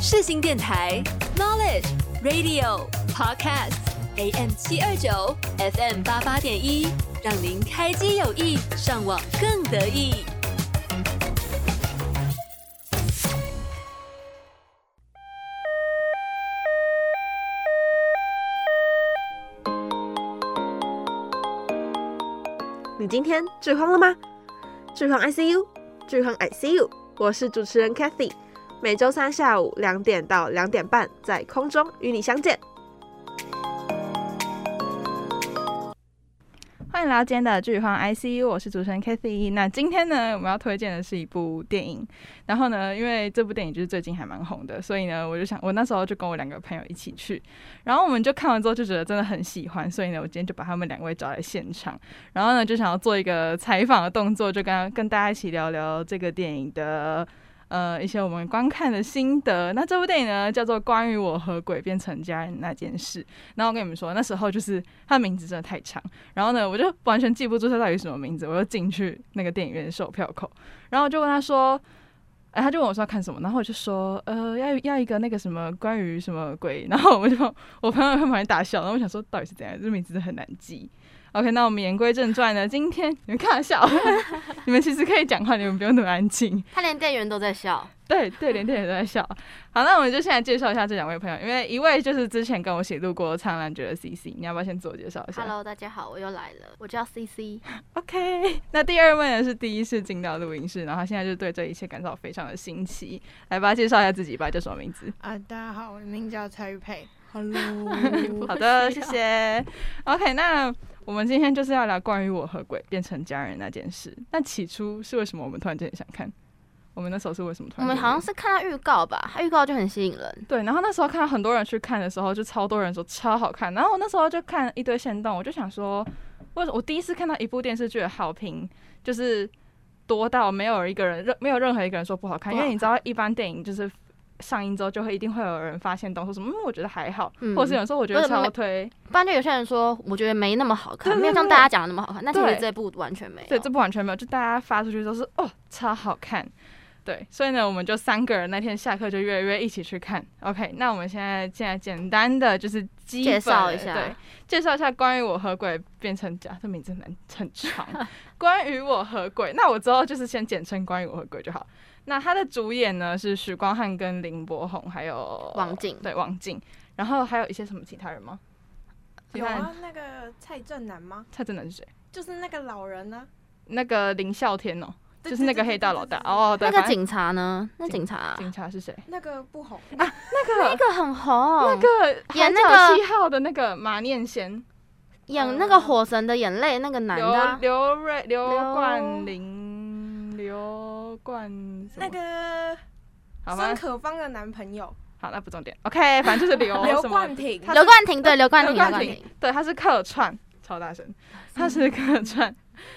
世新電台 Knowledge Radio Podcast AM 七二九 FM 八八點一，讓您開機有益，上網更得意。你今天最慌了嗎？最慌 ICU，最慌 ICU，, 最慌 ICU 我是主持人 Cathy。每週三下午兩點到兩點半，在空中與你相見。歡迎來到今天的劇荒 ICU，我是主持人 Kathy。那今天呢，我們要推薦的是一部電影。然後呢，因為這部電影就是最近還蠻紅的，所以呢，我就想，我那時候就跟我兩個朋友一起去。然後我們就看完之後就覺得真的很喜歡，所以呢，我今天就把他們兩位找來現場。然後呢，就想要做一個採訪的動作，就跟跟大家一起聊聊這個電影的。呃，一些我們觀看的心得。那這部電影呢，叫做《關於我和鬼變成家人那件事》。然後我跟你們說，那時候就是他的名字真的太長，然後呢，我就完全記不住他到底什麼名字。我就進去那個電影院售票口，然後就問他說：“哎、呃，他就問我說要看什麼？”然後我就說：“呃，要要一個那個什麼關於什麼鬼。”然後我就我朋友他們還大笑，然後我想說到底是怎樣，這個、名字很難記。OK，那我們言歸正傳呢。今天你們看笑， 你們其實可以講話，你們不用那麼安靜。他連店員都在笑。對對，連店員都在笑。 好，那我們就現在介紹一下這兩位朋友，因為一位就是之前跟我寫錄過《蒼蘭訣》的 CC，你要不要先自我介紹一下？Hello，大家好，我又來了，我叫 CC。OK，那第二位呢，是第一次進到錄音室，然後他現在就對這一切感到非常的新奇。來吧，介紹一下自己吧，叫什麼名字？啊、uh,，大家好，我的名字叫蔡玉佩。Hello。 好的，謝謝。OK，那。我們今天就是要聊關於我和鬼變成家人那件事。但起初是為什麼我們突然間想看？我們那時候是為什麼突然間看？我們好像是看到預告吧，他預告就很吸引人。對，然後那時候看到很多人去看的時候，就超多人說超好看。然後我那時候就看一堆限動，我就想說，為什麼我第一次看到一部電視劇的好評就是多到沒有一個人任，沒有任何一個人說不好看？好看因為你知道，一般電影就是。上映之後就會一定會有人發現，懂說什麼？嗯，我覺得還好、嗯，或者是有時候我覺得超推不，不然就有些人說我覺得沒那麼好看，對對對，沒有像大家講的那麼好看。對對對，那其實這部完全沒，對這部完全沒有，就大家發出去都是哦超好看。對，所以呢，我們就三個人那天下課就約一約一起去看。OK，那我們現在現在簡單的就是介紹一下，對，介紹一下關於我和鬼變成家，啊，這名字蠻很長。 關於我和鬼，那我之後就是先簡稱關於我和鬼就好。那他的主演呢是許光漢跟林柏宏，還有王淨，對，王淨，然後還有一些什麼其他人嗎？有啊，那個蔡振南嗎？蔡振南是誰？就是那個老人呢？啊？那個林小天哦，就是那個黑道老大哦。對，對，對，對，對，對，對，對，oh, 那個警察呢？那警察，啊警，警察是誰？那個不紅啊， 那個那個很紅，那個演那個七號的那個馬念先，那個嗯，演那個火神的眼淚那個男的劉、啊、瑞、劉冠廷，劉。劉冠，那個孫可芳的男朋友好。好，那不重點。OK，反正就是劉劉 冠廷，劉冠廷對劉冠廷，劉冠廷對，他是客串，超大聲，他是客串。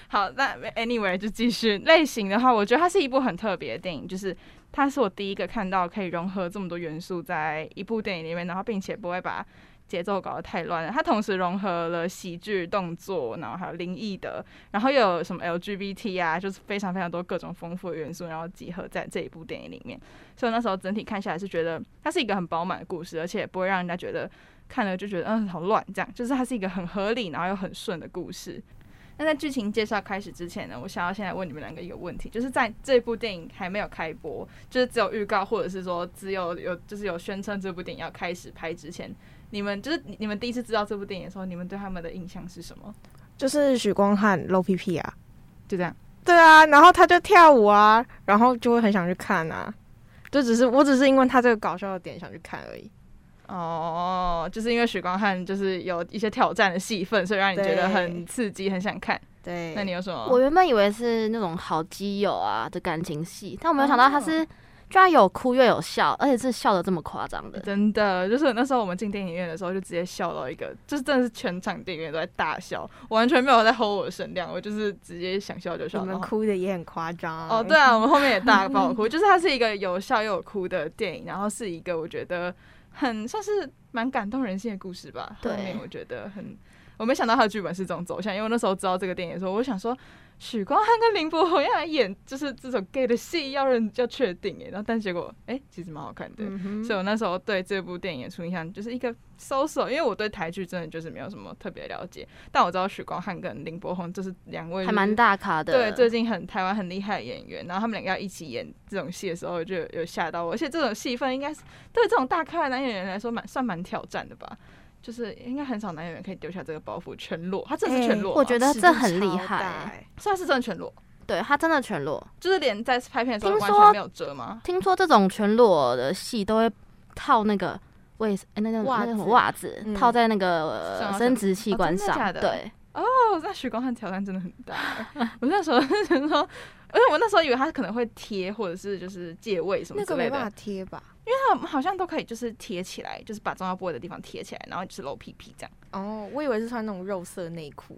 好，那 anyway 就繼續。類型的話，我覺得它是一部很特別的電影，就是它是我第一個看到可以融合這麼多元素在一部電影裡面，然後並且不會把。節奏搞得太亂了，它同時融合了喜劇、動作，然後還有靈異的，然後又有什麼 LGBT 啊，就是非常非常多各種豐富的元素，然後集合在這一部電影裡面。所以那時候整體看下來是覺得它是一個很飽滿的故事，而且也不會讓人家覺得看了就覺得嗯好亂這樣，就是它是一個很合理，然後又很順的故事。那在劇情介紹開始之前呢，我想要現在問你們兩個一個問題，就是在這一部電影還沒有開播，就是只有預告，或者是說只有有就是有宣稱這部電影要開始拍之前。你們就是你們第一次知道這部電影的時候，你們對他們的印象是什麼？就是許光漢露屁屁啊，就這樣。對啊，然後他就跳舞啊，然後就會很想去看啊，就只是我只是因為他這個搞笑的點想去看而已。哦，就是因為許光漢就是有一些挑戰的戲份，所以讓你覺得很刺激，很刺激，很想看。對，那你有什麼？我原本以為是那種好基友啊的感情戲，但我沒有想到他是。哦居然有哭又有笑，而且是笑得這麼誇張的，真的。就是那時候我們進電影院的時候，就直接笑到一個，就是真的是全場電影院都在大笑，我完全沒有在吼我的聲量，我就是直接想笑就笑到。我們哭的也很誇張哦，對啊，我們後面也大爆哭， 就是它是一個有笑又有哭的電影，然後是一個我覺得很算是蠻感動人心的故事吧。後面我覺得很，我沒想到它的劇本是這種走向，因為那時候知道這個電影的時候，我就想說。許光漢跟林柏宏要來演，就是這種 gay 的戲，要認要確定哎，然後但結果誒、欸，其實蠻好看的、嗯，所以我那時候對這部電影的出印象就是一個 so so，因為我對台劇真的就是沒有什麼特別了解，但我知道許光漢跟林柏宏就是兩位還蠻大咖的，對，最近很台灣很厲害的演員，然後他們兩個要一起演這種戲的時候，就有嚇到我，而且這種戲份應該是對這種大咖的男演員來說，蠻算蠻挑戰的吧。就是應該很少男演員可以丟下這個包袱全裸，他真的是全裸、欸。我覺得這很厲害、欸，算是真的全裸。對，他真的全裸，就是連在拍片的時候完全沒有遮嗎？聽說，聽說這種全裸的戲都會套那個衛、欸、那個襪子，襪子套在那個、嗯、呃、生殖器官上，啊，真的假的？對。我知道許光漢挑戰真的很大， 我那時候想說， 因為我那時候以為他可能會貼或者是就是借位什麼的。那個沒辦法貼吧，因為他好像都可以就是貼起來，就是把重要部位的地方貼起來，然後就是露屁屁這樣。哦，oh，我以為是穿那種肉色內褲，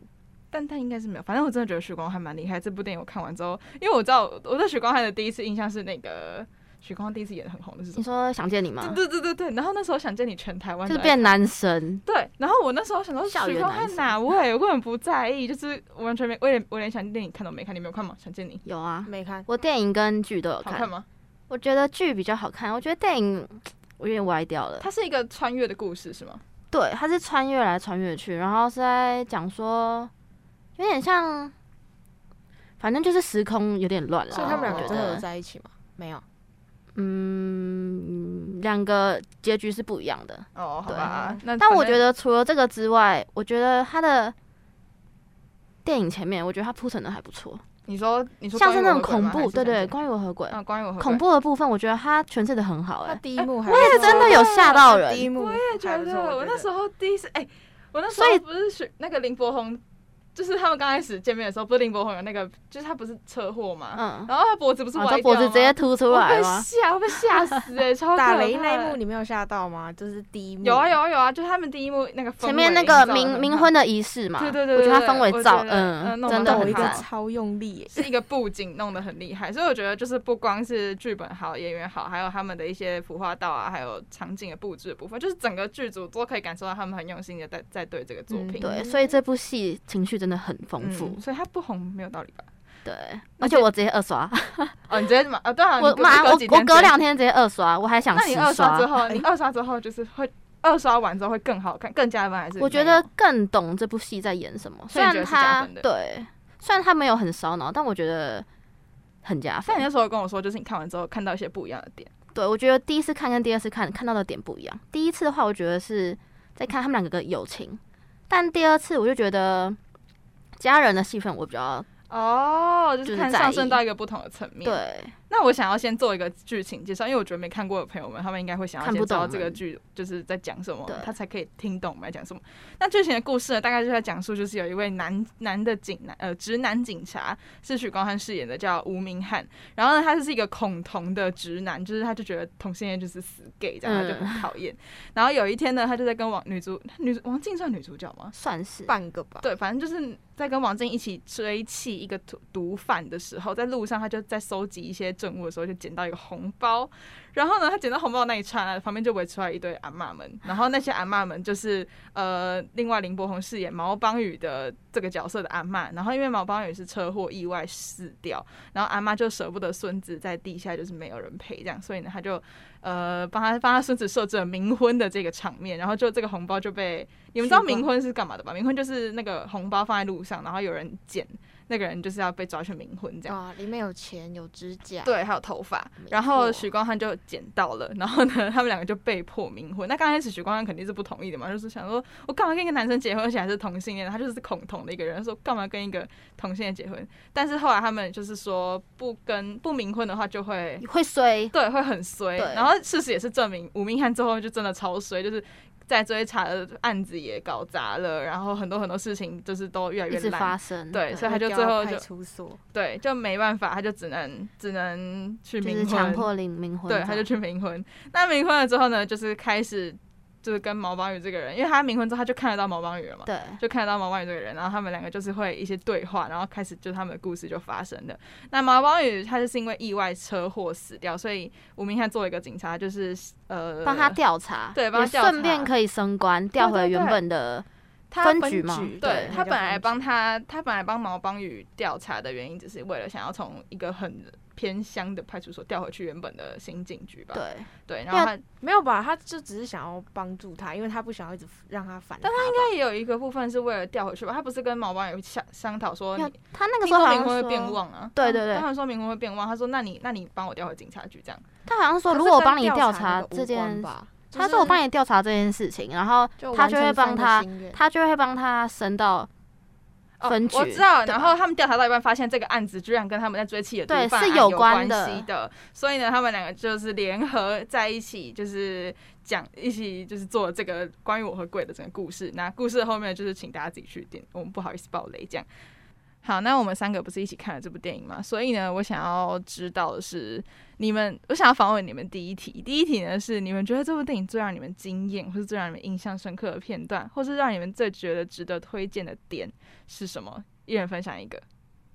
但他應該是沒有。反正我真的覺得許光漢蠻厲害。這部電影我看完之後，因為我知道我對許光漢的第一次印象是那個。許光漢第一次演的很紅的是什麼？你說《想見你》嗎？對對對對對。然後那時候想見你，全台灣就是變男神。對。然後我那時候想到許光漢哪位？我也很不在意，就是完全沒，我連我連想電影看都沒看，你沒有看嗎？《想見你》有啊，沒看。我電影跟劇都有看。好看嗎？我覺得劇比較好看，我覺得電影我有點歪掉了。它是一個穿越的故事是嗎？對，它是穿越來穿越去，然後是在講說，有點像，反正就是時空有點亂了。所以他們倆真的在一起嗎？沒有。嗯，兩個結局是不一樣的哦、oh。但我覺得除了這個之外，我覺得他的電影前面，我覺得他鋪陳的還不錯。你說，你說，像是那種恐怖，是是對，對對，關於我和鬼、嗯、鬼，恐怖的部分，我覺得他詮釋的很好、欸。哎、啊欸，我也是真的有嚇到人、啊。我也覺得，我那時候第一次，哎、欸，我那時候所以不是那個林柏宏。就是他們剛開始見面的時候，不是林柏宏有那個，就是他不是車禍嘛、嗯，然後他脖子不是歪掉嗎，啊、脖子直接凸出來嗎？被嚇， 被嚇死哎、欸！超震撼。打雷那一幕你沒有嚇到嗎？就是第一幕。有啊有啊有啊，就他們第一幕那個前面那個冥冥婚的儀式嘛。對,對對對對。我覺得他氛圍造，嗯，真的，我覺得,、嗯我覺得,呃、得我超用力，是一個布景弄得很厲害。 所以我覺得就是不光是劇本好，演員好，還有他們的一些服化道啊，還有場景的布置的部分，就是整個劇組都可以感受到他們很用心的在在對這個作品。嗯、對、嗯，所以這部戲情緒。真的很豐富、嗯，所以他不紅沒有道理吧？對，而且我直接二刷。 哦，你直接嘛？哦，對啊，我我我隔兩天直接二刷，我還想十刷。那你二刷之後，你二刷之後就是會 二刷完之後會更好看，更加分還是？我覺得更懂這部戲在演什麼。雖然他所以對，雖然他沒有很燒腦，但我覺得很加分。那你那時候跟我說，就是你看完之後看到一些不一樣的點。對，我覺得第一次看跟第二次看看到的點不一樣。第一次的話，我覺得是在看他們兩個的友情、嗯，但第二次我就覺得。家人的戲份我比較哦，oh，就是上升到一個不同的層面。對。那我想要先做一個劇情介紹，因為我覺得沒看過的朋友們，他們應該會想要先知道這個劇就是在講什麼，他才可以聽懂我們在講什麼。那劇情的故事呢，大概就在講述，就是有一位男男的警男，呃，直男警察是許光漢飾演的，叫吳明翰。然後呢，他就是一個恐同的直男，就是他就覺得同性戀就是死 gay，這樣他就很討厭、嗯。然後有一天呢，他就在跟王女主女主王淨算女主角嗎？算是半個吧。對，反正就是在跟王淨一起追緝一個毒毒販的時候，在路上他就在搜集一些。正午的時候就撿到一個紅包，然後呢，他撿到紅包的那一剎那，旁邊就圍出來一堆阿嬤們，然後那些阿嬤們就是呃，另外林柏宏飾演毛邦羽的這個角色的阿嬤，然後因為毛邦羽是車禍意外死掉，然後阿嬤就捨不得孫子在地下就是沒有人陪這樣，所以呢，他就呃幫他幫他孫子設置了冥婚的這個場面，然後就這個紅包就被你們知道冥婚是幹嘛的吧？冥婚就是那個紅包放在路上，然後有人撿。那個人就是要被抓去冥婚這樣啊，裡面有錢有指甲，對，還有頭髮，然後許光漢就撿到了，然後呢，他們兩個就被迫冥婚。那剛開始許光漢肯定是不同意的嘛，就是想說我幹嘛跟一個男生結婚，而且還是同性戀，他就是是恐同的一個人，說幹嘛跟一個同性戀結婚。但是後來他們就是說不跟不冥婚的話就會會衰，對，會很衰。然後事實也是證明，吳明翰最後就真的超衰，就是。在追查的案子也搞砸了，然後很多很多事情就是都越來越發生，對，對，所以他就最後就，就對，就沒辦法，他就只能只能去冥婚，強迫領冥婚，對，他就去冥婚。那冥婚了之後呢，就是開始。就是跟毛邦羽這個人，因為他冥婚之後他就看得到毛邦羽了嘛，對，就看得到毛邦羽這個人，然後他們兩個就是會一些對話，然後開始就他們的故事就發生的。那毛邦羽他就是因為意外車禍死掉，所以吳明翰做一個警察，就是呃幫他調查，對，幫他調查。也順便可以升官，調回原本的分局，對對對分局嘛。對，對他本來幫他，他本來幫毛邦羽調查的原因，只是為了想要從一個很。偏鄉的派出所調回去原本的刑警局吧，對。對對，然後他沒有吧？他就只是想要幫助他，因為他不想要一直讓他反他對。但他應該也有一個部分是為了調回去吧？他不是跟毛邦羽相商討說你，他那個時候說說冥婚會變旺啊？對對對，他們說冥婚會變旺。他說那：“那你那你幫我調回警察局這樣。”他好像說：“如果我幫你調查這件，那個無關吧就是、他說我幫你調查這件事情，然後他就會幫他，他，他，他，他就會幫他升到。”哦、我知道，然後他們調查到一半，發現這個案子居然跟他們在追妻的毒販有關係的，的，所以呢，他們兩個就是聯合在一起，就是講一起就是做這個關於我和鬼的整個故事。那故事後面就是請大家自己去點，我們不好意思爆雷這樣。好，那我們三個不是一起看了這部電影嗎？所以呢，我想要知道的是，你們我想要訪問你們第一題。第一題呢是，你們覺得這部電影最讓你們驚艷，或是最讓你們印象深刻的片段，或是讓你們最覺得值得推薦的點是什麼？一人分享一個，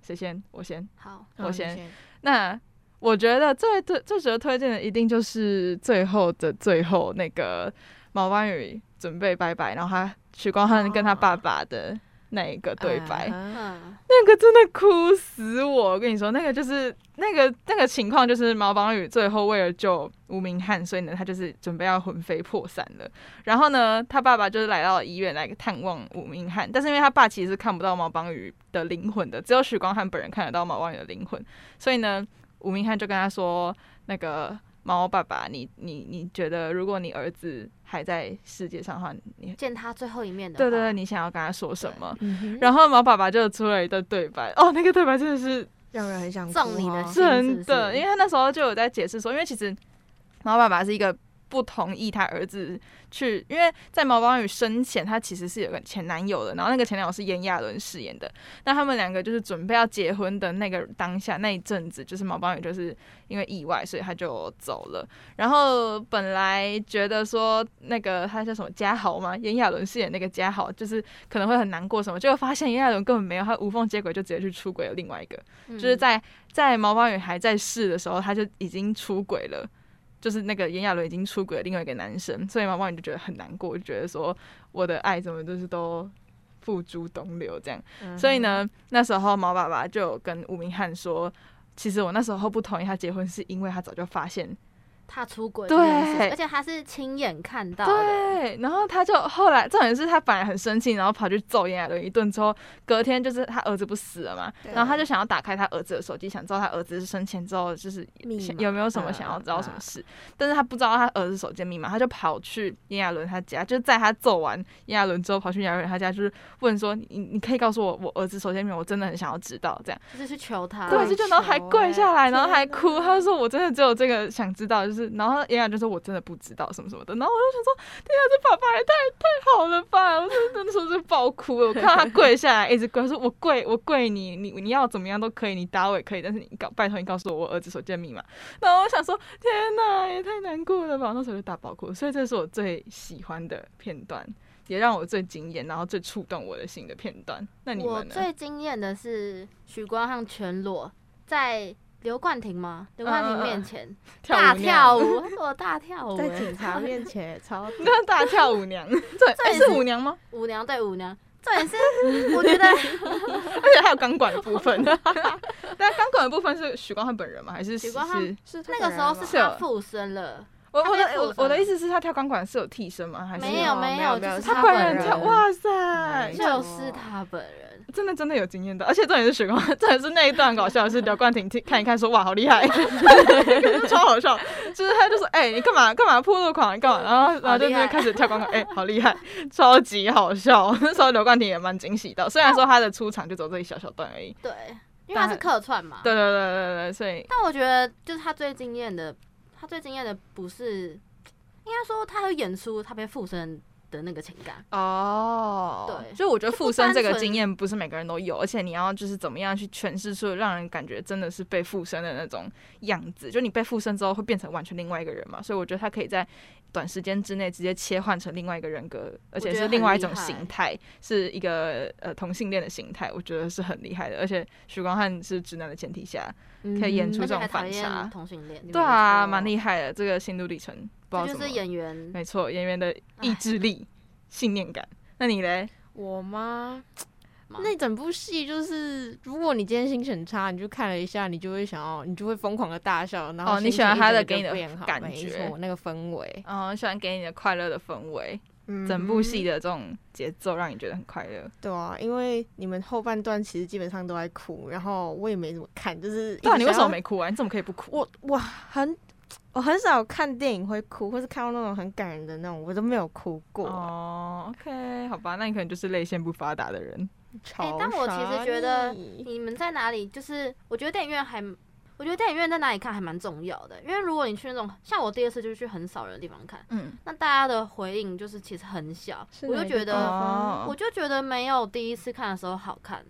誰先？我先。好，我先。我先先那我覺得最最最值得推薦的，一定就是最後的最後那個毛邦羽準備拜拜，然後他許光漢跟他爸爸的。那一個對白，嗯嗯，那個真的哭死我！我跟你說，那個就是那個那個情況，就是毛邦羽最後為了救吳明翰，所以呢，他就是準備要魂飛魄散了。然後呢，他爸爸就是來到醫院來探望吳明翰，但是因為他爸其實是看不到毛邦羽的靈魂的，只有許光漢本人看得到毛邦羽的靈魂，所以呢，吳明翰就跟他說那個。毛爸爸，你你你覺得，如果你兒子還在世界上的話，你見他最後一面的，對對對，你想要跟他說什麼？嗯、然後毛爸爸就出了一段對白，哦，那個對白真的是讓人很想哭的，真的，因為他那時候就有在解釋說，因為其實毛爸爸是一個。不同意他兒子去，因為在毛邦宇生前，他其實是有個前男友的，然後那個前男友是炎亞綸飾演的。那他們兩個就是準備要結婚的那個當下那一陣子，就是毛邦宇就是因為意外，所以他就走了。然後本來覺得說那個他叫什麼嘉豪嘛，炎亞綸飾演那個嘉豪，就是可能會很難過什麼，結果發現炎亞綸根本沒有，他無縫接軌，就直接去出軌了另外一個，嗯，就是在在毛邦宇還在世的時候，他就已經出軌了。就是那個炎亞綸已經出軌另外一個男生，所以毛毛你就覺得很難過，就覺得說我的愛怎麼就是都付諸東流這樣，嗯。所以呢，那時候毛爸爸就跟吳明翰說，其實我那時候不同意他結婚，是因為他早就發現。他出軌，對，而且他是親眼看到的、欸。對，然後他就後來，重點是他本來很生氣，然後跑去揍炎亞綸一頓之後，隔天就是他兒子不死了嘛，然後他就想要打開他兒子的手機，想知道他兒子生前之後就是有沒有什麼想要知道什麼事，嗯嗯嗯、但是他不知道他兒子手機的密碼，他就跑去炎亞綸他家，就是、在他揍完炎亞綸之後，跑去炎亞綸他家，就是問說你你可以告訴我我兒子手機密碼，我真的很想要知道這樣。就是去求他求，對，就然後還跪下來、啊，然後還哭，他就說我真的只有這個想知道就是。然後嚴雅就說：“我真的不知道什麼什麼的。”然後我就想說：“天哪，這爸爸也太太好了吧！”我真的那時候就爆哭了，我看到他跪下來， 一直跪他說：“我跪，我跪你，你你要怎麼樣都可以，你打我也可以，但是你告，拜託你告訴我我兒子手機的密碼。”然後我想說：“天哪，也太難過了吧！”我那時候就大爆哭，所以這是我最喜歡的片段，也讓我最驚艷，然後最觸動我的心的片段。那你們呢？最驚艷的是許光漢全裸在。劉冠廷嗎？劉冠廷面前啊啊啊跳大跳舞，我 大跳舞，在警察面前超那大跳舞娘，這 也、欸、是舞娘嗎？舞娘？對，舞娘，這 也是 我覺得， 而且還有鋼管的部分， 但鋼管的部分是許光漢本人嗎？還是許光漢那個時候是他附身了？我我的我、欸、我的意思是，他跳鋼管是有替身嗎？還是沒有、哦、沒有，就是他本人，他本人跳。哇塞，就是他本人，真的真的有驚艷到。而且這也是許光，這也是那一段搞笑， 是劉冠廷看一看說哇，好厲害， 超好笑。就是他就說哎、欸、你幹嘛幹嘛鋪路狂告！嗯，然後然後就就開始跳鋼管，哎、欸、好厲害，超級好笑。那時候劉冠廷也蠻驚喜的，雖然說他的出場就只有這一小小段而已。對，因為他是客串嘛。對對，對對對對對，所以。但我覺得就是他最驚艷的。他最驚艷的不是，應該說他有演出，他被附身的那個情感哦，對，所以我覺得附身這個經驗不是每個人都有，而且你要就是怎麼樣去詮釋出讓人感覺真的是被附身的那種樣子，就你被附身之後會變成完全另外一個人嘛，所以我覺得他可以在。短時間之內直接切換成另外一個人格，而且是另外一種形態，是一個呃同性戀的形態，我覺得是很厲害的。而且許光漢是直男的前提下，嗯，可以演出這種反差，同性戀，對啊，蠻厲害的。這個心路歷程，不知道就是演員，沒錯，演員的意志力，信念感。那你嘞？我嗎？那整部戲就是，如果你今天心情差，你就看了一下，你就會想要，你就會瘋狂的大笑。然後、哦、你喜歡他的給你的感覺，沒錯，那個氛圍，嗯、哦，喜歡給你的快樂的氛圍、嗯，整部戲的這種節奏讓你覺得很快樂。對啊，因為你們後半段其實基本上都在哭，然後我也沒怎麼看，就是。對、啊、你為什麼沒哭啊？你怎麼可以不哭？我哇，我很，我很少看電影會哭，或是看到那種很感人的那種，我都沒有哭過。哦，OK，好吧，那你可能就是淚腺不發達的人。 欸、但我其實覺得你們在哪裡， 就是我覺得電影院還，我覺得電影院在哪裡看還蠻重要的，因為如果你去那種像我第二次就去很少人的地方看，嗯，那大家的回應就是其實很小，我就覺得、哦，我就覺得沒有第一次看的時候好看。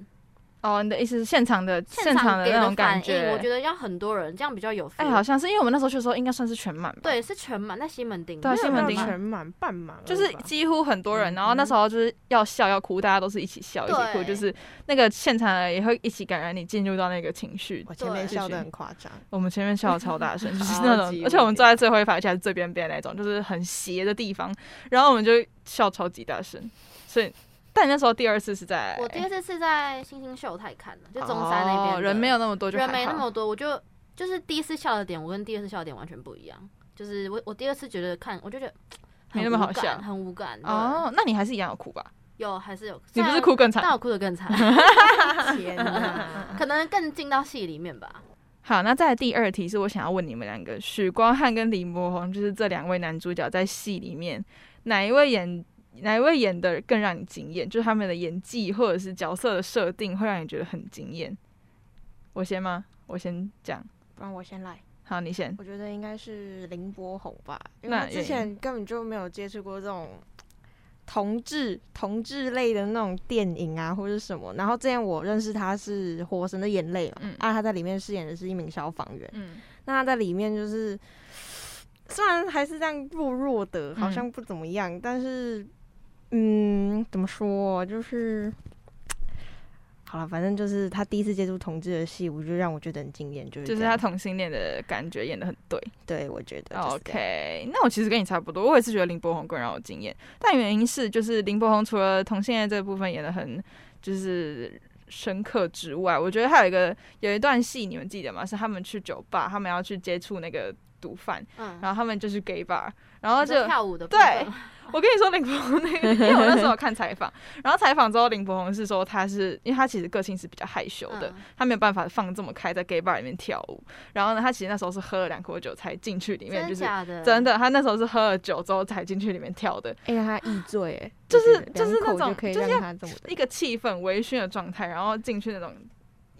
哦，你的意思是現場的現場的，現場的那種感覺，我覺得要很多人，這樣比較有。哎、欸，好像是因為我們那時候去的時候應該算是全滿吧。對，是全滿。那西門町對、啊、西門町全滿半滿，就是幾乎很多人、嗯。然後那時候就是要笑、嗯、要哭，大家都是一起笑一起哭，就是那個現場也會一起感染你，進入到那個情緒。我前面笑得很誇張，我們前面笑的超大聲， 就是那種，而且我們坐在最後一排，而且還是最邊邊那種，就是很斜的地方，然後我們就笑超級大聲，所以。那你那時候第二次是在，我第二次是在星星秀泰看的、哦，就中山那邊，人沒有那麼多就，人沒那麼多，我就就是第一次笑的點，我跟第二次笑的點完全不一樣。就是我我第二次覺得看，我就覺得沒那麼好笑，很無感，哦，很無感哦。那你還是一樣有哭吧？有還是有？你不是哭更慘？那我哭得更慘。天 前呢， 可能更進到戲裡面吧。好，那在第二題是我想要問你們兩個許光漢跟林柏宏，就是這兩位男主角在戲裡面哪一位演？哪一位演的更讓你驚艷？就是他們的演技或者是角色的設定會讓你覺得很驚艷。我先嗎？我先講，不然我先來。好，你先。我覺得應該是林柏宏吧那，因為之前根本就沒有接觸過這種同志同志類的那種電影啊，或者什麼。然後之前我認識他是《火神的眼淚》嘛，嗯、啊，他在裡面飾演的是一名消防員。嗯，那他在裡面就是雖然還是這樣弱弱的，好像不怎麼樣，嗯、但是。嗯，怎麼說？就是好了，反正就是他第一次接觸同志的戲，我就讓我覺得很驚艷，就是就是他同性戀的感覺演得很對，對我覺得。OK，那我其實跟你差不多，我也是覺得林柏宏更讓我驚艷，但原因是就是林柏宏除了同性戀這部分演得很就是深刻之外，我覺得還有一個有一段戲你們記得嗎？是他們去酒吧，他們要去接觸那個毒販、嗯，然後他們就是 gay bar，然後就跳舞的對。嗯我跟你說林柏宏，那個，因為我那時候有看採訪，然後採訪之後林柏宏是說他是因為他其實個性是比較害羞的，他沒有辦法放這麼開在 gay bar 裡面跳舞。然後呢，他其實那時候是喝了兩口酒才進去裡面，就是真的，他那時候是喝了酒之後才進去裡面跳的。哎呀，他易醉哎，就是就是那種，就是，一個氣氛微醺的狀態，然後進去那種。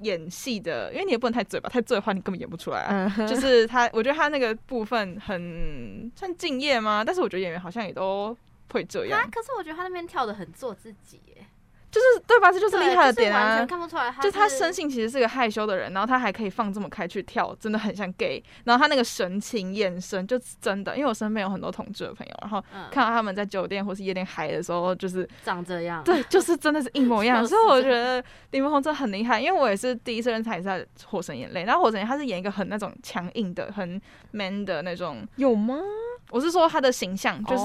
演戲的，因為你也不能太醉吧，太醉的話你根本演不出來啊！ 就是他，我覺得他那個部分很算敬業嗎？但是我覺得演員好像也都會這樣。可是我覺得他那邊跳得很做自己耶就是對吧？這就是厲害的點啊！就是，完全看不出來他生性其實是個害羞的人，然後他還可以放這麼開去跳，真的很像 gay。然後他那個神情眼神，就真的，因為我身邊有很多同志的朋友，然後看到他們在酒店或是夜店嗨的時候，就是長這樣，對，就是真的是一模一樣。 所以我覺得林柏宏真的很厲害，因為我也是第一次認識他，也是在火神眼淚。然後火神眼淚他是演一個很那種強硬的、很 man 的那種，有嗎？我是說他的形象，就是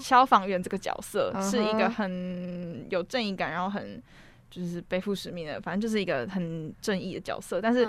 消防員這個角色是一個很有正義感，然後很就是背負使命的，反正就是一個很正義的角色。但是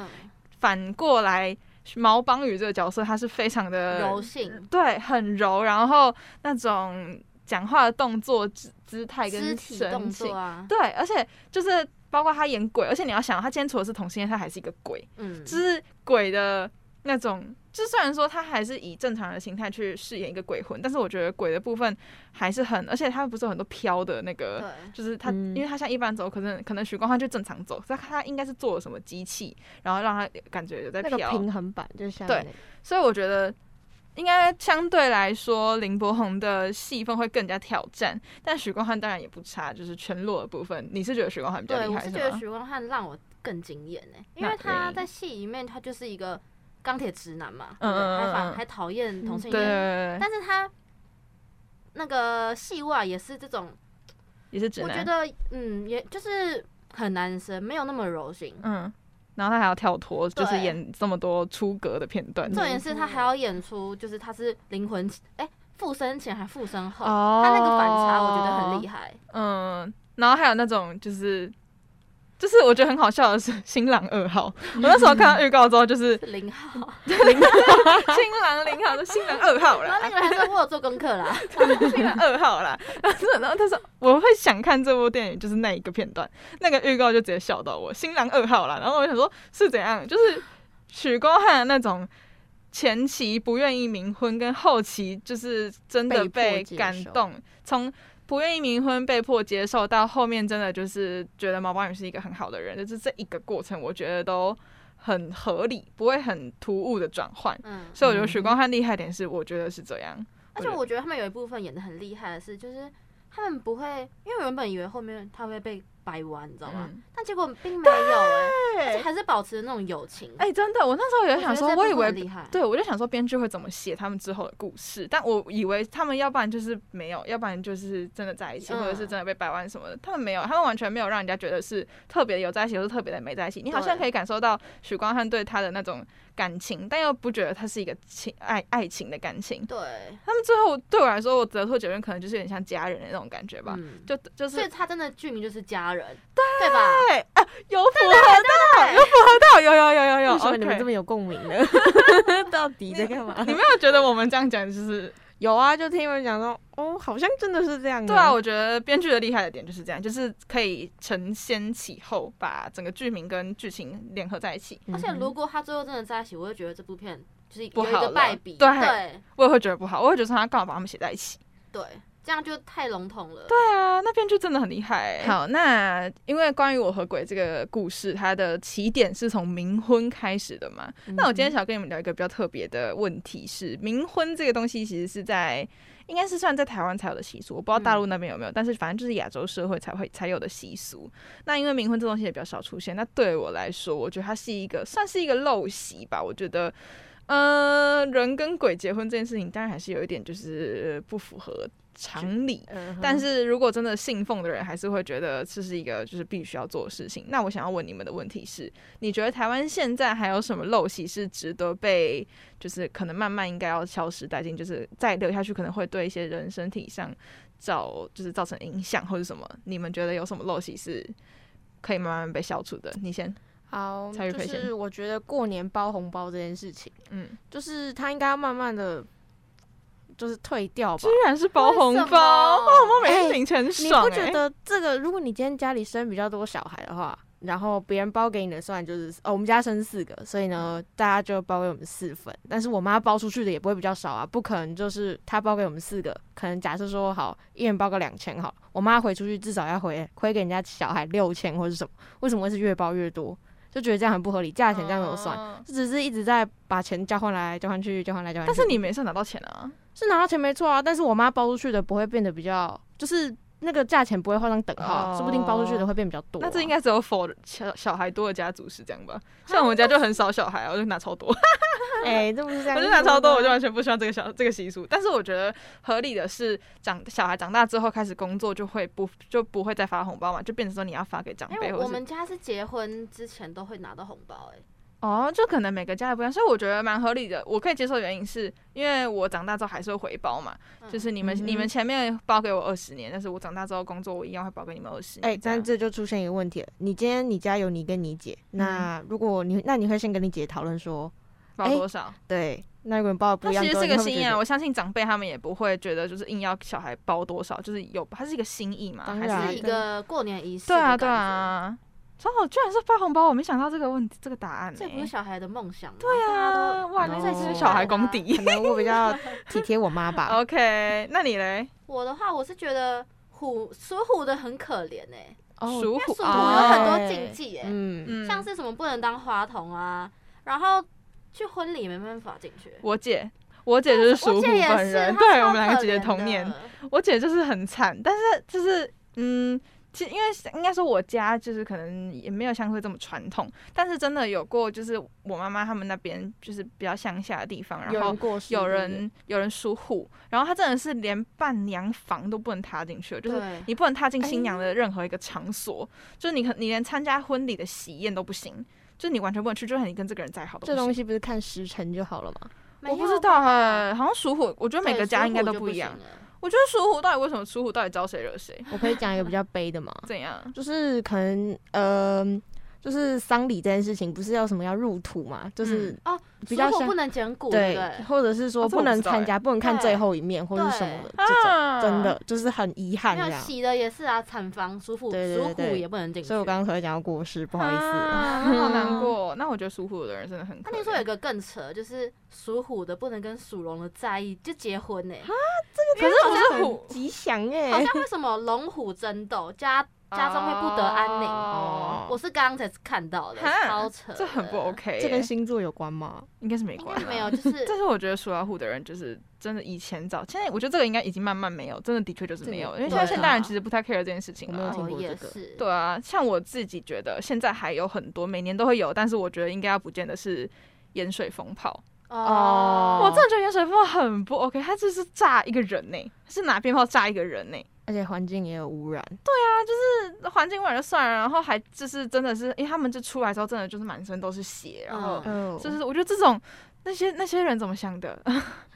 反過來，毛邦羽這個角色他是非常的柔性，對，很柔，然後那種講話的動作姿姿態跟神情、啊，對，而且就是包括他演鬼，而且你要想他接觸的是同性戀，他還是一個鬼，嗯、就是鬼的。那種就雖然說他還是以正常的心態去飾演一個鬼魂，但是我覺得鬼的部分還是很，而且他不是有很多飄的那個，就是他、嗯，因為他像一般走可，可能可能許光漢就正常走，他他應該是做了什麼機器，然後讓他感覺有在飄。那個、平衡板就，那個、對，所以我覺得應該相對來說林柏宏的戲份會更加挑戰，但許光漢當然也不差，就是全裸的部分，你是覺得許光漢比較厲害嗎？對，我是覺得許光漢讓我更驚豔呢，因為他在戲裡面他就是一個。鋼鐵直男嘛，嗯、還反、嗯、還討厭同性戀，但是他那個戲味也是這種，也是我覺得，嗯，也就是很男生，沒有那麼柔性。嗯，然後他還要跳脫，就是演這麼多出格的片段。重點是他還要演出，就是他是靈魂哎、嗯欸，附身前還附身後、哦，他那個反差我覺得很厲害。嗯，然後還有那種就是。就是我覺得很好笑的是新郎二號，嗯、我那時候看到預告之後就是，是零號，零號，新郎零號，就新郎二號啦。那 個還是我做功課啦，新郎二號啦。 然後他說我會想看這部電影，就是那一個片段，那個預告就直接笑到我，新郎二號啦。然後我想說是怎樣，就是許光漢那種前期不願意冥婚，跟後期就是真的被感動，從。從不願意冥婚，被迫接受，到後面，真的就是覺得毛邦羽是一個很好的人，就是這一個過程，我覺得都很合理，不會很突兀的轉換。嗯，所以我覺得許光漢厲害點是，我覺得是這樣。嗯，而且我覺得他們有一部分演得很厲害的是，就是他們不會，因為我原本以為後面他會被。掰彎，你知道嗎、嗯？但結果並沒有哎、欸，而且還是保持那種友情。哎、欸，真的，我那時候也想說，我，我以為，對我就想說，編劇會怎麼寫他們之後的故事？但我以為他們要不然就是沒有，要不然就是真的在一起，嗯、或者是真的被掰彎什麼的。他們沒有，他們完全沒有讓人家覺得是特別有在一起，或是特別的沒在一起。你好像可以感受到許光漢對他的那種。感情，但又不覺得它是一個情愛愛情的感情。對，他們最後對我來說，我得脫酒店可能就是有點像家人的那種感覺吧。嗯、就就是所以他真的劇名就是家人，對對吧、啊？有符合到對對對對，有符合到，有有有有有、有。為、okay, 你們這麼有共鳴的 到底在幹嘛你？你沒有覺得我們這樣講就是？有啊，就聽人講說，哦，好像真的是這樣、啊。對啊，我覺得編劇的厲害的點就是這樣，就是可以承先啟後，把整個劇名跟劇情聯合在一起、嗯。而且如果他最後真的在一起，我會覺得這部片就是一個敗筆。對，我也會覺得不好，我會覺得他剛好把他們寫在一起。對。這樣就太籠統了。對啊，那邊就真的很厲害。好，那因為關於我和鬼這個故事，它的起點是從冥婚開始的嘛。那我今天想要跟你們聊一個比較特別的問題是，是、嗯、冥婚這個東西其實是在應該是算在台灣才有的習俗，我不知道大陸那邊有沒有、嗯，但是反正就是亞洲社會才會才有的習俗。那因為冥婚這東西也比較少出現，那對我來說，我覺得它是一個算是一個陋習吧。我覺得，呃，人跟鬼結婚這件事情，當然還是有一點就是不符合。常理，但是如果真的信奉的人，還是會覺得這是一個就是必須要做的事情。那我想要問你們的問題是：你覺得台灣現在還有什麼陋習是值得被，就是可能慢慢應該要消失殆盡，就是再留下去可能會對一些人身體上造就是造成影響或者什麼？你們覺得有什麼陋習是可以慢慢被消除的？你先好，其實就是我覺得過年包紅包這件事情，嗯，就是它應該要慢慢的。就是退掉吧，居然是包紅包，我怎麼每次挺成爽欸欸？你不覺得這個？如果你今天家裡生比較多小孩的話，然後別人包給你的，算，就是哦，我們家生四個，所以呢，大家就包給我們四份。但是我媽包出去的也不會比較少啊，不可能就是她包給我們四個，可能假設說好，一人包個兩千好，我媽回出去至少要回虧給人家小孩六千或是什麼？為什麼會是越包越多？就覺得這樣很不合理，價錢這樣怎麼算？這、嗯、只是一直在把錢交換來交換去，交換來交換去。但是你沒算拿到錢啊，是拿到錢沒錯啊。但是我媽包出去的不會變得比較，就是。那個價錢不會畫上等號，oh, 說不定包出去的會變比較多，啊。那這應該只有否小小孩多的家族是這樣吧？啊，像我們家就很少小孩，啊、我就拿超多。哎、 欸，這不是這樣。我就拿超多，我就完全不喜歡這個小這個習俗。但是我覺得合理的是，長小孩長大之後開始工作，就會不就不會再發紅包嘛，就變成說你要發給長輩。我們家是結婚之前都會拿到紅包，欸，哎。哦、oh，就可能每個家也不一樣，所以我覺得蠻合理的，我可以接受的原因是因為我長大之後還是會回包嘛、嗯，就是你們、嗯、你們前面包給我二十年，但是我長大之後工作，我一樣會包給你們二十年。哎、欸，但這就出現一個問題了，你今天你家有你跟你姐，嗯、那如果你那你會先跟你姐討論說包多少？欸、對，那一個人包的不一樣多。那其實是個心意、啊、意啊，我相信長輩他們也不會覺得就是硬要小孩包多少，就是有它是一個心意嘛，啊、還是一個過年儀式的。對啊，對啊。正、哦、好，居然是發紅包，我沒想到這個問題，這個答案、欸。這不是小孩的夢想。對啊，哇，那真是小孩功底。我比較體貼我媽吧。 OK，那你嘞？我的話，我是覺得虎屬虎的很可憐誒、欸，屬虎，虎有很多禁忌誒、欸哦欸啊嗯，嗯，像是什麼不能當花童啊，然後去婚禮沒辦法進去。我姐，我姐就是屬虎本人，我的對我們兩個姐姐同年，我姐就是很慘，但是就是嗯。其實，因為應該說我家就是可能也沒有像會這麼傳統，但是真的有過，就是我媽媽他們那邊就是比較鄉下的地方，然後有人有，對對對，有人屬虎，然後他真的是連伴娘房都不能踏進去，就是你不能踏進新娘的任何一個場所，就是你可你連參加婚禮的喜宴都不行，就是你完全不能去，就算你跟這個人再好，這東西不是看時辰就好了嗎？我不知道不，啊、哎，好像屬虎，我覺得每個家應該都不一樣。我覺得屬虎到底為什麼屬虎？到底招誰惹誰？我可以講一個比較悲的嗎？ 怎樣？就是可能，嗯、呃。就是喪禮這件事情，不是要什麼要入土嘛？就、嗯、是哦，屬虎不能撿骨對，對，或者是說不能參加、啊不，不能看最後一面，或者什麼的這種，真的就是很遺憾這樣洗的也是啊，產房屬虎，屬虎也不能進，所以我剛剛才講到過世，不好意思，啊、好難過、哦。 那我覺得屬虎的人真的很……那、啊、聽說有一個更扯，就是屬虎的不能跟屬龍的在一起就結婚呢、欸？啊，這個可是，好像是很吉祥哎、欸，好像為什麼龍虎爭鬥加？家中會不得安寧哦、oh, 嗯，我是剛剛才看到的，超扯的，這很不 OK，、欸、這跟星座有關嗎？應該是沒關係，沒有，就是。但 是我覺得屬老虎的人就是真的以前早，現在我覺得這個應該已經慢慢沒有，真的的確就是沒有，因為現在現代人其實不太 care 這件事情了。對啊，這個 oh, yes. 對啊，像我自己覺得現在還有很多，每年都會有，但是我覺得應該要不見得是鹽水蜂炮哦。Oh, oh, 我真的覺得鹽水蜂炮很不 OK，他就是炸一個人呢、欸，是拿鞭炮炸一個人呢、欸。而且環境也有污染，對啊，就是環境污染就算了，然後還就是真的是，因為他們就出來之後，真的就是滿身都是血，啊，然、oh. 後就是我覺得這種那些那些人怎麼想的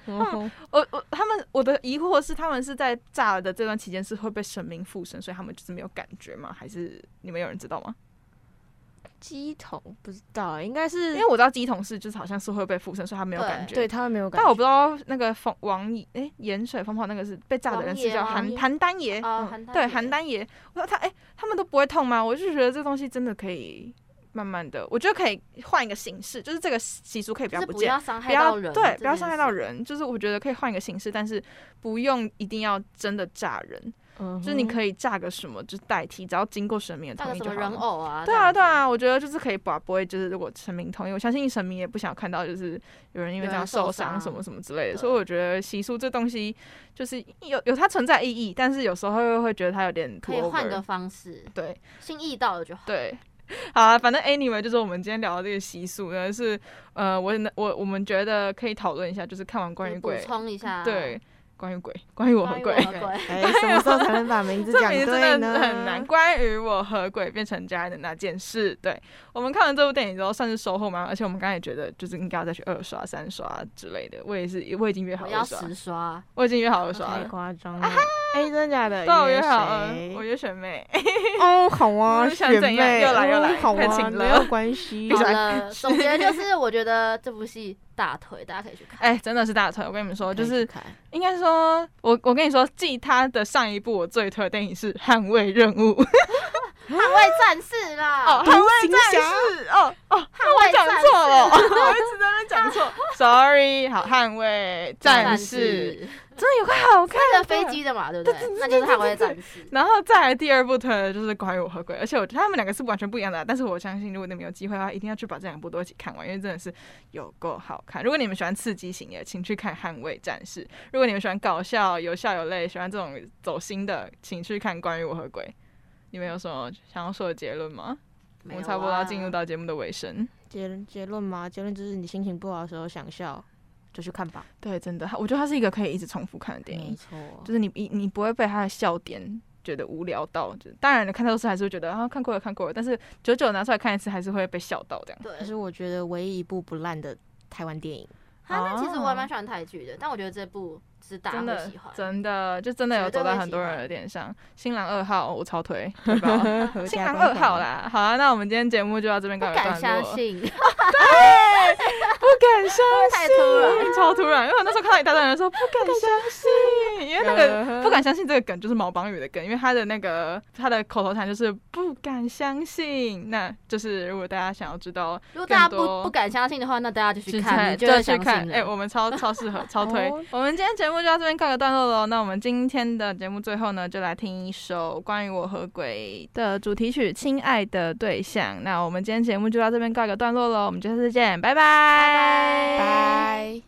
，oh. 我我他們我的疑惑是，他們是在炸的這段期間是會被神明附身，所以他們就是沒有感覺嗎？還是你們有人知道嗎？乩童不知道，應該是因為我知道乩童是就是好像是會被附身，所以他沒有感覺。對，他們沒有。感覺。但我不知道那個王、欸、風王鹽鹽水蜂炮那個是被炸的人是，是叫寒寒單爺、嗯嗯，對寒單爺。我說他誒、欸，他們都不會痛嗎？我就覺得這東西真的可以慢慢的，我覺得可以換一個形式，就是這個習俗可以比較不要、就是、不要傷害到人，對、啊，不要傷害到人，就是我覺得可以換一個形式，但是不用一定要真的炸人。嗯、就是你可以嫁個什麼，就是代替，只要經過神明的同意就好。人偶啊。對啊，對啊，我覺得就是可以把，不會就是如果神明同意，我相信神明也不想看到就是有人因為這樣受傷什麼什麼之類的，啊、所以我覺得習俗這東西就是有有它存在意義，但是有時候會會覺得它有點。可以換個方式，對，心意到了就好。對，好啊，反正 anyway，就是我們今天聊的這個習俗呢，就是呃，我我我，我們覺得可以討論一下，就是看完關於鬼，補充一下，對。關於鬼，關於我和鬼，我和鬼、欸，什麼時候才能把名字講對呢？真的很難。關於我和鬼變成家人的那件事，對，我們看完這部電影之後算是收穫嘛？而且我們剛才也覺得，就是應該要再去二刷、三刷之類的。我也是，我已經約好了。要十刷，我已經約好二刷了。誇、okay, 張。哎、啊欸，真的假的？對、啊，我約好了。我約學妹。哦、oh，好啊學 妹，又來又來，oh, 好嗎、啊？沒有關係。來，好了 總結就是，我覺得這部戲。大腿，大家可以去看。哎、欸，真的是大腿！我跟你們說，可以，就是應該說，我我跟你說，記他的上一部我最推的電影是《捍衛任務。》 捍衛戰士啦、哦！哦，捍、哦、衛戰士哦哦，捍衛講錯了，我一直在那講錯，sorry。好，捍衛戰， 戰士，真的有個好看的，的飛機的嘛，對不對？對那就是捍衛戰士。然後再來第二部，推的就是關於我和鬼，而且我覺得他們兩個是完全不一樣的、啊。但是我相信，如果你們有機會的話，一定要去把這兩部都一起看完，因為真的是有夠好看。如果你們喜歡刺激型的，請去看《捍衛戰士》；如果你們喜歡搞笑，有笑有淚，喜歡這種走心的，請去看《關於我和鬼》。你們有什麼想要說的結論嗎？啊、我們差不多要進入到節目的尾聲。結結論嗎？結論就是你心情不好的時候想笑，就去看吧。對，真的，我覺得它是一個可以一直重複看的電影。沒錯，就是你你你不會被它的笑點覺得無聊到，當然了看到的時候還是會覺得啊看過了看過了，但是久久拿出來看一次還是會被笑到這樣。對，但是我覺得唯一一部不爛的台灣電影。啊，那其實我還蠻喜歡台劇的，但我覺得這部。是真的，真的，就真的有走到很多人的點上。新郎二號，我超推，對吧 新郎二號啦。好了、啊，那我們今天節目就到這邊，告一段落，不敢相信。 不敢相信，超突然！因為我那時候看到一大堆人說 不敢相信。因為那個不敢相信這個梗就是毛邦羽的梗，因為他的那個他的口頭禪就是不敢相信。那就是如果大家想要知道，如果大家不不敢相信的話，那大家就去看，就要去看。哎、欸，我們超超適合，超推。 我們今天節目就到這邊告一個段落嘍。那我們今天的節目最後呢，就來聽一首關於我和鬼的主題曲《親愛的對象》。那我們今天節目就到這邊告一個段落嘍。我們下次再見，拜，拜。拜拜。拜拜。